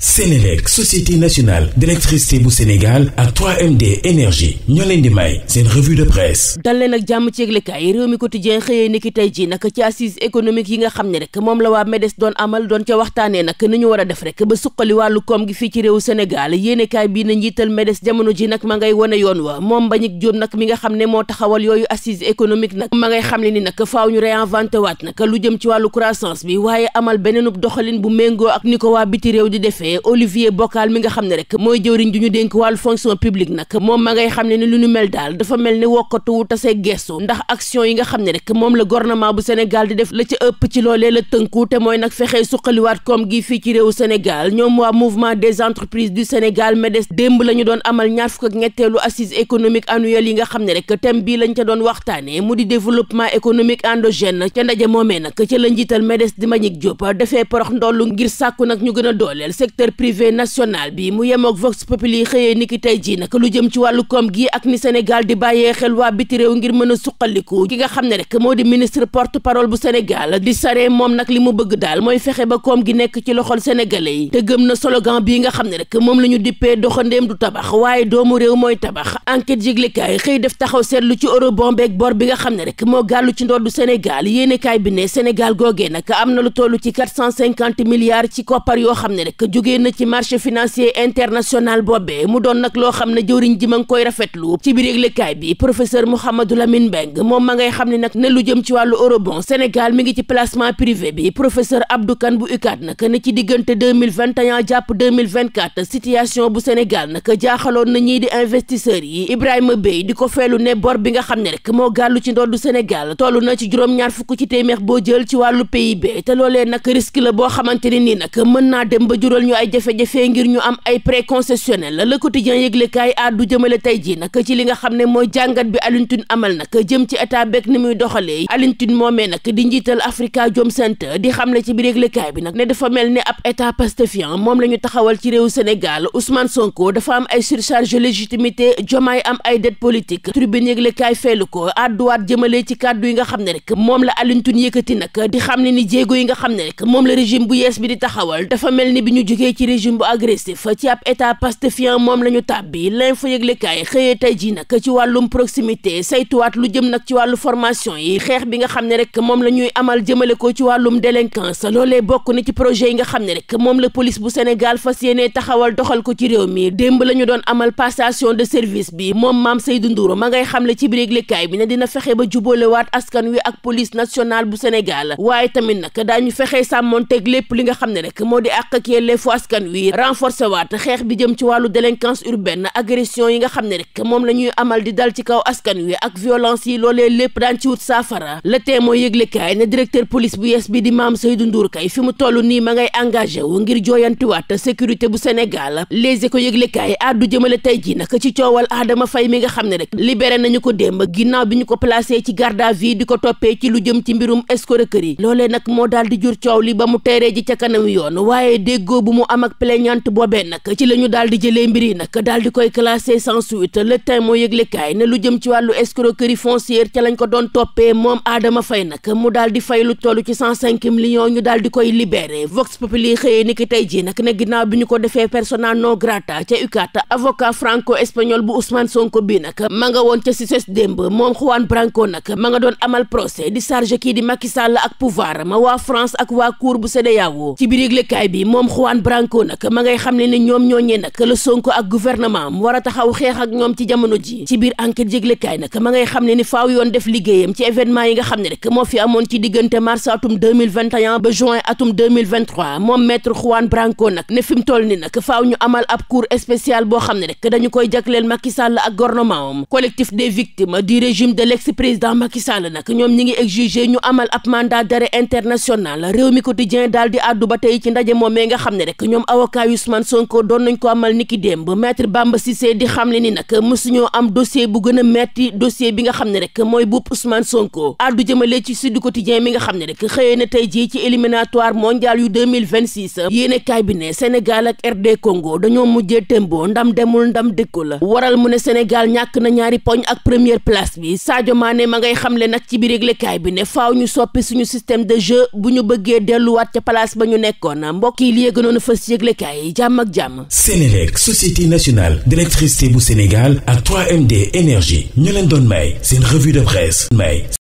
Sénélec société nationale d'électricité bu Sénégal ak 3MD énergie ñoo leen di may seen revue de presse dal leen ak jàmm ci yëglekaay réew mi quotidien xëyee niki tey ji nag ci assises économiques yi nga xam ne rek moom la waa MEDES doon amal doon ca waxtaanee nag ni ñu war a def rek ba suqali wàllu koom gi fii ci réewu Sénégal yéenekaay bii na njiital MEDES jamono ji nag ma ngay wane yoon wa moom Mbagnick Diop nag mi nga xam ne moo taxawal yooyu assises économiques nag ma ngay xam le ni nag faaw ñu réinventé waat nag lu jëm ci wàllu croissance bi waaye amal beneenub doxalin bu méngoo ak ni ko waa biti réew di defee waxee Olivier Bocal mi nga xam ne rek mooy jëwriñ ju ñu dénk wàllu fonction publique nag moom ma ngay xam ne ni lu ñu mel daal dafa mel ni wokkatuwu tase gestu ndax action yi nga xam ne rek moom la di def la ci ëpp la tënku te mooy nag fexe suqaliwaat koom gi fii ci réewu Sénégal des entreprises du Sénégal MEDES démb la doon amal ñaar fukk ak ñetteelu assise économique annuelle yi nga xam ne rek thème bii lañ ca doon waxtaanee mu di développement économique endogène ca ndaje moomee nag ci la njiital MEDES di Mbagnick Diop defee porox secteur privé national bi mu yemook Vox Populi xëyee niki tey ji nag lu jëm ci wàllu koom gi ak ni Sénégal di bàyyee xel waa biti réew ngir mën a suqaliku ki nga xam ne rek moo di ministre porte parole bu Sénégal di sare moom nag li mu bëgg daal mooy fexe ba koom gi nekk ci loxol sénégalais yi te gëm na slogan bi nga xam ne rek moom la ñu dippee doxandéem du tabax waaye doomu réew mooy tabax enquête jiglikaay xëy def taxaw seetlu ci eurobond ak bor bi nga xam ne rek moo gàllu ci ndoddu Sénégal yéenekaay bi ne Sénégal googee nag am na lu toll ci 450 milliards ci koppar yoo xam ne jógee na ci marché financier international boobee ne ci diggante jàpp 2024 bu Sénégal nag jaaxaloon na ñii di investisseurs yi Ibrahima Bey di ko feelu ne bor bi nga xam ne rek moo gàllu ci ndoddu Sénégal toll na ci juróom-ñaar fukk ci téeméer boo jël ci wàllu PIB te loolee nag risque la boo xamante ne nii mën naa dem ba jural ñu ay jafe-jafe ngir ñu am ay prêt concessionnel la le quotidien yëglekaay àddu jëmale tey ji nag ci li nga xam ne mooy jàngat bi Alioune amal nag jëm ci état beeg ni muy doxalee Alioune Tine nag di njiital Afrikajom Center di xamle ci biir bi nag ne dafa mel ne ab état pastefien moom la ñu taxawal ci réew Sénégal Ousmane Sonko dafa am ay surcharge légitimité jomaay am ay dette politique tribune yëglekaay feelu ko àdduwaat jëmale ci kàddu yi nga xam ne rek moom la Alioune Tine yëkkati nag di xam ne ni jéego yi nga xam ne rek moom la régime bu bi di taxawal nekkee ci régime bu agressif ci ab état pastefien moom la ñu tàbbi l'info yëglekaay xëyee tey nag ci wàllum proximité saytuwaat lu jëm nag ci wàllu formation yi xeex bi nga xam ne rek moom la ñuy amal jëmale ko ci wàllum délinquance loolee bokk na projet yi nga xam ne rek moom la police bu Sénégal fas yéene taxawal doxal ko ci réew mii démb la ñu doon amal passation de service bi moom Mame Seydou Ndour ma ngay xamle ci biir yëglekaay bi ne dina fexe ba jubóolewaat askan wi ak police nationale bu Sénégal waaye tamit nag daañu fexe li nga xam ne rek askan wi renforcé waat xeex bi jëm ci wàllu délinquance urbaine agression yi nga xam ne rek moom la ñuy amal di dal ci kaw askan wi ak violence yi loolee lépp daan ci wut saafara le Témoin yëglekaay ne directeur police bu yees bi di Mame Seydou Ndour kay fi mu toll nii ma ngay engagé wu ngir jooyantiwaat sécurité bu Sénégal Les Échos yëglekaay àddu jëmale tey ji nag ci coowal Adama Faye mi nga xam ne rek libéré nañu ko démb ginnaaw bi ñu ko placé ci garde à di ko toppee ci lu jëm ci mbirum escroquerie loolee nag moo am ak plaignante boobee nag ci la ñu daal di jëlee mbir yi nag daal di koy classé sans suite le temps moo yëglekaay ne lu jëm ci wàllu escroquerie foncière ca lañ ko doon toppee moom aadama fay nag mu daal di fay lu toll ci cent cinq millions ñu daal di koy libéré Vox Populi xëyee ni tey jii nag ne ginnaaw bi ñu ko defee persona non grata ca UCAD avocat franco espagnol bu Ousmane Sonko bi nag ma nga woon ca Cissé démb moom Juan Branco nag ma nga doon amal procès di chargé kii di Macky Sall ak pouvoir ma waa France ak waa cour bu CEDEAO branco nag ma ngay xam ne ne ñoom ñooñee nag la Sonko ak gouvernement am war a taxaw xeex ak ñoom ci jamono ji ci biir enquête yëglekaay nag ma ngay xam ne ni faaw yoon def liggéeyam ci événement yi nga xam ne rek moo fi amoon ci diggante mars atum 2021 ba juin atum 2023 moom maître Juan Branco nag ne fi mu toll ni nag faaw ñu amal ab cour spéciale boo xam ne rek dañu koy jagleel Macky Sall ak gouvernement am collectif des victimes du régime de l'ex-président Macky Sall nag ñoom ñi ngi exiger ñu amal ab mandat d'arrêt international réew mi quotidien daal di àddu ba tey ci ndaje moom nga xam ne rek nag ñoom avocat yu Sonko doon nañ ko amal niki démb maître Bamba Cissé di xamle ni nag mësuñoo am dossier bu gën a metti dossier bi nga xam ne rek mooy buub Ousmane Sonko addu jëmale ci Sud Quotidien mi nga xam ne rek xëyee na tey jii ci éliminatoire mondial yu 2026 yéene kaay bi ne Sénégal ak RD Congo dañoo mujjee tembo ndam demul ndam dëkku la waral mu ne Sénégal ñàkk na ñaari poñ ak première place bi Sadio Mané ma ngay xamle nag ci biir kaay bi ne faaw ñu soppi suñu système de jeu bu ñu bëggee delluwaat ca place ba ñu nekkoon mbokk fës yëglekaay yi jàmm ak jàmm Sénélec société nationale d'électricité bu Sénégal ak 3MD énergie ñu leen doon may seen revue de presse may